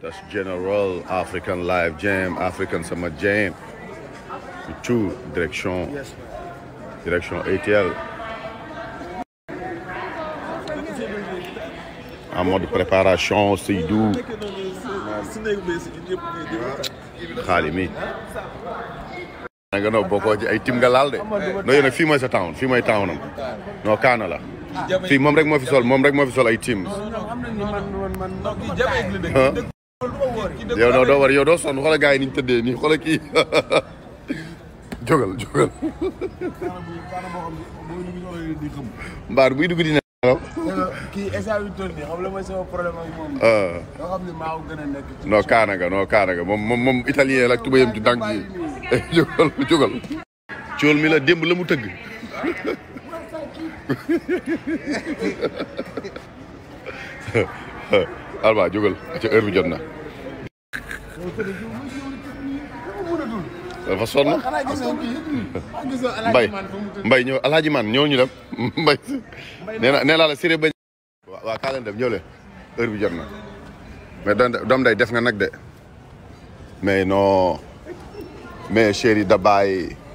That's General African Live Jam, African Summer Jam. Two direction. Yes, direction ATL. En mode préparation, c'est doux. Khalimi. da nga noo bokkoo ci ay tim nga laal no yéen fii mooy sa town fii town am non kaana la fii moom rek moo fi yow doo doo war yow doo sonn xoolal gars yi ni ñu tëddee nii xoolal kii jógal jógal. mbaar buy dugg dina. kii instant bi toll nii xam la mooy sama problème ak moom. yoo ah. xam ne maa ko gën a nekk. non kaana nga tubayam ci dànk yi jógal jógal. cool mi la démb la mu tëgg. alba jógal ca heure jot na. dafa sonn mbay mbay ñëw alaaji man ñëw ñu dem mbay nee na nee naa la leen dem ñëw leen bi jot na mais doom def nga nag de mais non mais chéri da bàyyi